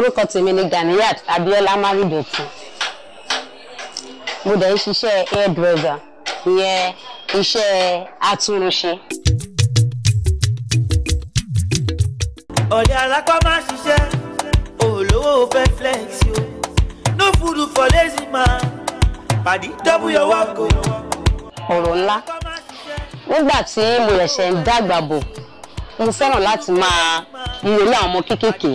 orúkọ tèmi ni Ganiyat Abiola Maridotun mo dẹ̀ ń ṣiṣẹ́ hairdresser ìyẹn iṣẹ́ atúnrunṣe. ọ̀dẹ̀ alápá máa ṣiṣẹ́ olówó fẹ́ flex o no food for lazy man pàdé double your work o. ọ̀rọ̀ ńlá nígbà tí mo ṣẹ̀ṣẹ̀ ń dàgbà bò mo fẹ́ràn láti máa lo àwọn ọmọ kéékèèké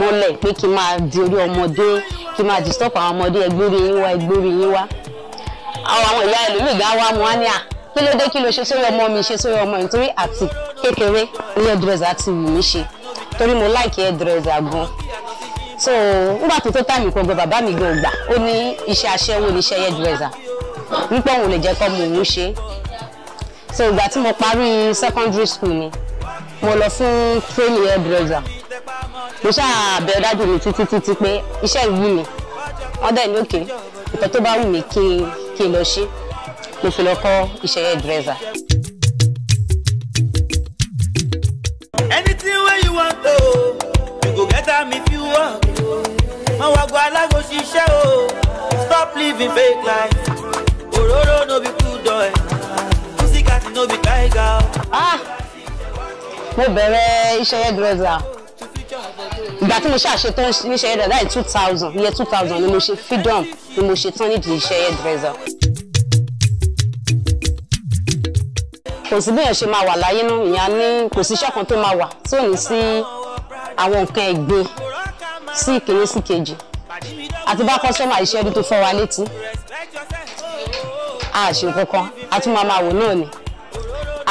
mọ́lẹ̀ pé kí n máa di orí ọmọdé kí n máa disturb àwọn ọmọdé ẹgbórí yín wá ẹgbórí yín wá àwọn ìyá ẹlòmíì gan wá mu á ní à kí ló dé kí ló ṣe sórí ọmọ mi ṣe sórí ọmọ mi torí àti kékeré ní hairdresser ti wù mí ṣe torí mo like hairdresser gan so nígbà tó tó tàmì kan gan bàbá mi gan gbà ó ní iṣẹ́ aṣẹ́wó ní iṣẹ́ hairdresser nípa òun lè jẹ́ kọ́ mo òun ṣe so ìgbà tí mo parí secondary school ni mo lọ fún training hairdresser mo ṣáà bẹ dájú mi títí títí pé iṣẹ́ ìwú mi wọ́n dẹ̀ ní òkè nǹkan tó bá wù mí kí kí n lọ ṣe mo fi lọ kọ́ iṣẹ́ hairdresser. anything wey you want to you go get am if you work mọ wá gba alágò ṣiṣẹ́ o stop living fake life òróró no be Music doy pussycat no be tiger. ah mo bẹ̀rẹ̀ iṣẹ́ hairdresser ìgbà tí mo ṣàṣetán níṣẹ́ hairdresser láì two thousand iye two thousand ni mo ṣe freedom ni mo ṣe tán nídìí iṣẹ́ hairdresser. kò sí bí èèyàn ṣe máa wà láyé náà ìyá ní kò sí iṣẹ́ kan tó máa wà tí ò ní sí àwọn nǹkan ẹ̀gbin sí ìkíní sí kejì àti bá kọ́sọ́mà iṣẹ́ rí tó fọ́ wa létí àṣe kankan a tún máa máa wò náà ni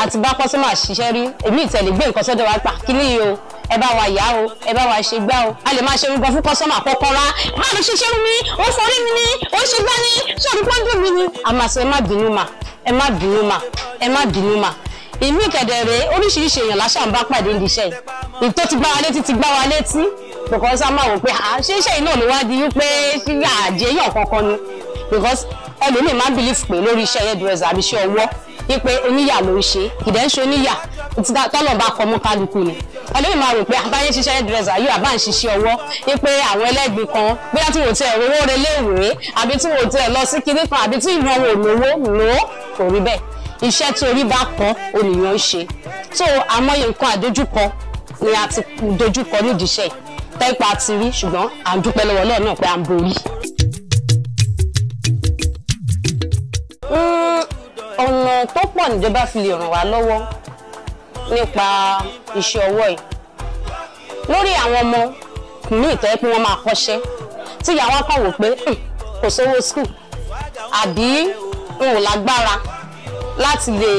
àti bá kọ́sọ́mà ṣiṣẹ́ rí èmi ìtẹ̀lé gbé nǹkan sọ́dọ̀ wa pa kí ni yìí o ẹ bá wa yá o ẹ bá wa ṣe gbá o a lè máa ṣe irúgbọn fún kọ́sọ́mà kọ́kọ́ rá má lè ṣe ṣẹ́rú mi ó forí mi ni ó ṣe gbá ni ṣọ́ọ̀dún pọ́ńdún mi ni. àmọ́ àṣẹ ẹ má bínú mà ẹ má bínú mà ẹ má bínú mà ìmí ìkẹ̀dẹ̀rẹ̀ oríṣiríṣi èèyàn láṣà ń bá pàdé níṣẹ́ yìí tó ti gbá wa létí ti gbá wa létí because a máa wò pé ṣé iṣẹ́ yìí náà ló wá di wípé àjẹ́ yàn kankan ni because ẹlòmíì máa ń believe pé lórí iṣẹ́ hairdresser àbí iṣẹ́ ọwọ́ wípé oníyà ló ń ṣe ìdẹ́nṣe oníyà tọ́lọ̀ bá kọ́ mú kálukú ni ẹlẹ́yìn máa rò pé àbáyé ah, ṣiṣẹ́ hairdresser yóò àbá ń ṣiṣẹ́ ọwọ́ ní pé àwọn ẹlẹ́gbin kan bóyá tí wọ́n ti ẹ̀ rówó re léèwé àbí tí wọ́n ti ẹ̀ lọ sí kinní kan àbí tí ìran wò lówó lò ó kò rí bẹ́ẹ̀ iṣẹ́ tí orí bá kan olùyàn ń ṣe tó àmọye nǹkan àdójúkọ ni a ti dojúkọ nídìí iṣẹ́ tẹ́pà ti rí ṣùgbọ́n à ń dúpẹ́ lọ́wọ́ Ọlọ́run náà pé à ń borí. Hmm, ọ̀nà tó pọ̀ níjọba fi lè ràn wá lọ́wọ́ nípa iṣẹ́ ọwọ́ yìí lórí àwọn ọmọ mi ìtọ́ pé wọ́n máa kọ́ṣẹ́ tí ìyá wa kàn wò pé hmm, kò sówó skul àbí n ò lágbára láti lè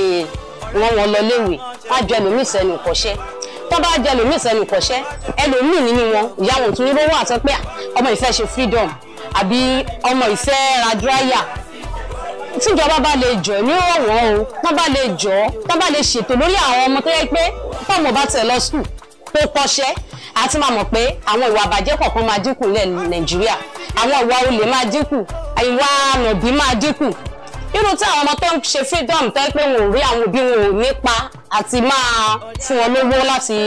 rán wọn lọ léwe wọ́n á jọ ẹlòmíì sẹ́nu kọ́ṣẹ́ tó bá jẹ ẹlòmíì sẹ́nu kọ́ṣẹ́ ẹlòmíì nínú wọn ìyá wọn tún ní lówó àti pé ah, ọmọ ìfẹ́ ṣe freedom àbí ọmọ ìfẹ́ ra dráyà tíjọba bá lè jọ nírọ̀wọ́ o wọ́n bá lè jọ wọ́n bá lè ṣètò lórí àwọn ọmọ tó yẹ pé fọ́ọ̀mù bá tẹ̀ lọ skul tó kọ́ṣẹ́ àti máa mọ̀ pé àwọn ìwà àbàjẹ́ kọ̀ọ̀kan máa dínkù lẹ̀ nàìjíríà àwọn ìwà olè máa dínkù ìwà ànàbí máa dínkù irú tí àwọn ọmọ tó ń ṣe freedom tó ń pé wọn ò rí àwọn òbí wọn ò nípa àti máa fún wọn lówó láti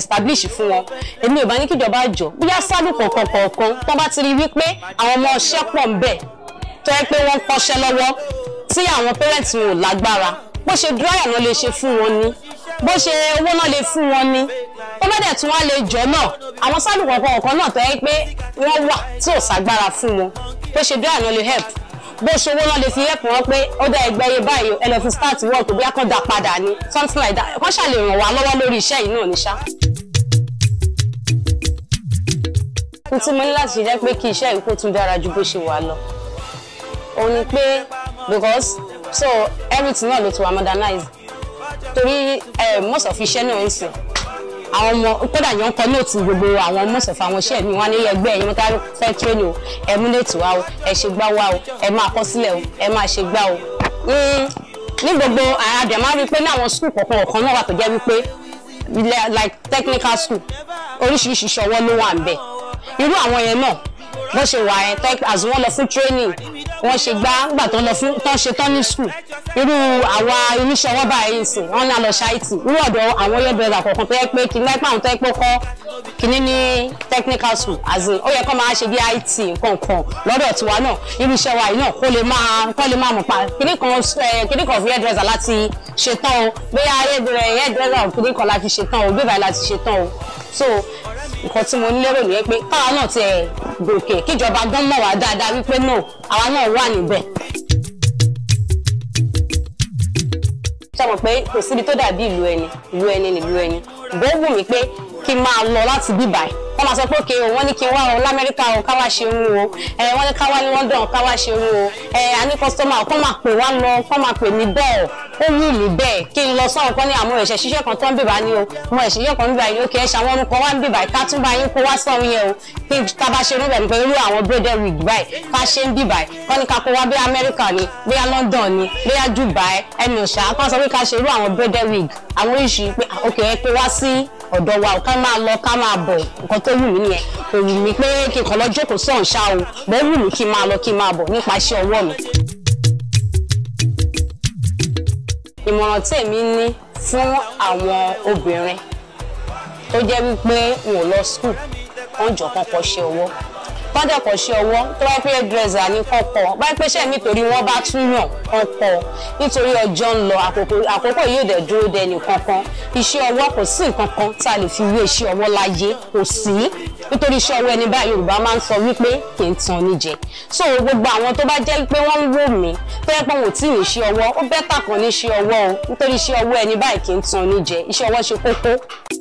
establish fún wọn èmi ò bá ní kíjọba jọ bóyá sálù kọ̀ọ̀kan kọ̀ọ̀kan tó bá ti rí wípé àwọn ọmọ ọṣẹ́ pọ̀ ń bẹ̀ tó yẹ pé wọ́n kọ́ṣẹ́ lọ́wọ́ tí àwọn parents wọn ò lágbára bó ṣe dúráyà náà lè ṣe fún wọn ni bó ṣe owó náà lè fún wọn ni ó bá dẹ̀ tún wá lè jọ náà àwọn sálù kọ̀ọ̀kan ọ̀kan náà tó yẹ pé wọ́n wà tí ò ságbára fún wọn bó ṣe dúráyà náà lè help bó ṣe owó náà lè fi help wọn pé ó dá ẹgbẹ́ iye báyìí ẹ lọ fi start work bí akọ́dà padà ni something like that kọ́ ṣàlè ràn wá lọ́wọ́ lórí iṣẹ́ yìí náà ní ṣá. n tí mo ní láti jẹ́ pé kí iṣẹ́ yìí kó tún dára ju bó ṣe wà lọ òun ni because so everything náà ló ti wà modernize torí eh, most of iṣẹ́ náà ń sìn àwọn ọmọ kódà yẹn ń kọ nóòtù gbogbo àwọn most of àwọn iṣẹ́ mi wọn ní ẹgbẹ́ ẹ̀yin mọ́tà fẹ́ tírénì o ẹ mú léètì wá o ẹ ṣe gbá wá o ẹ máa kọ sílẹ̀ o ẹ máa ṣe gbá o hmm, ní gbogbo àdìẹ máa rí i pé ní àwọn skul kọ̀ọ̀kan ọ̀kan náà wà tó jẹ́ wípé like technical school oríṣiríṣi ìṣọwọ́ ló wà ń bẹ̀ irú àwọn yẹn náà bó ṣe wà ẹ̀ tọ́ àzùwọ́n lọ fún training wọ́n ṣe gbá nígbà tó lọ fún tó ṣe tán ní skul irú àwa oníṣẹ́ ọwọ́ báyìí sìn wọ́n ní àlọ́ ṣáìtì irú ọ̀dọ̀ àwọn yẹ́ bẹ̀rẹ̀ àkọ́kọ́ tó yẹ pé kí láìpẹ́ àwọn tó yẹ pé kọ́ kìíní ní technical school as in ó yẹ kó máa ṣe bí IT nǹkan kan lọ́dọ̀ tiwa náà irú iṣẹ́ wa yìí náà kó lè máa kó lè máa mọ̀ pa kìíní kan eh, kìíní kan fi hairdresser láti ṣe tán o bóyá hairdresser kìíní kan láti ṣe tán o bíbáyìí láti ṣe tán o so nǹkan tí mo lérò nìyẹn pé káwa náà ti ẹ̀ gòkè kíjọba gan mọ̀ wá dáadáa wípé náà àwa náà wà níbẹ̀. ṣe mọ̀ pé kò síbi tó dàbí ìlú ẹni ìlú ẹni nìlú ẹni bó wù mí pé kí n máa lọ láti bíbáyìí wọ́n máa sọ pé òkè o wọ́n ní kí n wá o lamẹ́ríkà o ká wá ṣe ohun o wọ́n ní ká wá ní London ká wá ṣe ohun o a ní kọ́sítọ́mà kọ́ máa pè wá lọ kọ́ máa pè mí bẹ́ẹ̀ ó wù mí bẹ́ẹ̀ kí n lọ sọ́run kọ́ ní àwọn ẹ̀ṣẹ̀ ṣiṣẹ́ kan tó ń bèbà ní o mo ẹ̀ṣẹ̀ yọ̀ kan ń bèbà yìí ókè ẹ̀ṣẹ̀ àwọn orúkọ wá ń bèbà ká tún bá yín kó wá sọ́run yẹn o kí ká bá ṣe irúbẹ̀ nípa irú àwọn braided wig báyìí ká ṣe ń bèbà kọ́ ní ká kó wá bí Amẹ́ríkà ni bí London ni bí Dubai ẹni òṣà kọ́ sọ pé ká ṣe irú àwọn braided wig àwọn oríṣi pé òkè ẹ pé wá sí ọ̀dọ̀ wa ká máa lọ ká máa bọ̀ nǹkan tó wù mí mi kò wù mí pé kí n kàn lọ jókòó sàn ṣá o bẹ́ẹ̀ wù mí kí n máa lọ kí n máa bọ̀ nípa iṣẹ́ ọwọ́ mi. ìmọ̀ràn ní fún àwọn obìnrin tó jẹ́ wípé wọn ò lọ skul jọ kọ́kọ́ ṣe kán dẹ̀kọ̀ ṣe ọwọ́ tó bá pé dresser kọ́kọ́ bá pé ṣe nítorí wọ́n bá tún yàn kọ́kọ́ nítorí ọjọ́ ń lọ àkókò yóò dẹ̀ dúró dẹni kankan iṣẹ́ ọwọ́ kò sí nǹkan tá a lè fi wé iṣẹ́ ọwọ́ láyé kò sí nítorí iṣẹ́ ọwọ́ ẹni báyìí Yorùbá máa ń sọ wípé kì í tan ní jẹ so gbogbo àwọn tó bá jẹ́ pé wọ́n ń wò mí tó yẹ pé wọn ò tí ì ọwọ́ ó bẹ́tà kan ní ṣe ọwọ́ o nítorí iṣẹ́ ọwọ́ ẹni báyìí kì í tan ní jẹ iṣẹ́ ọwọ́ ṣe kókó.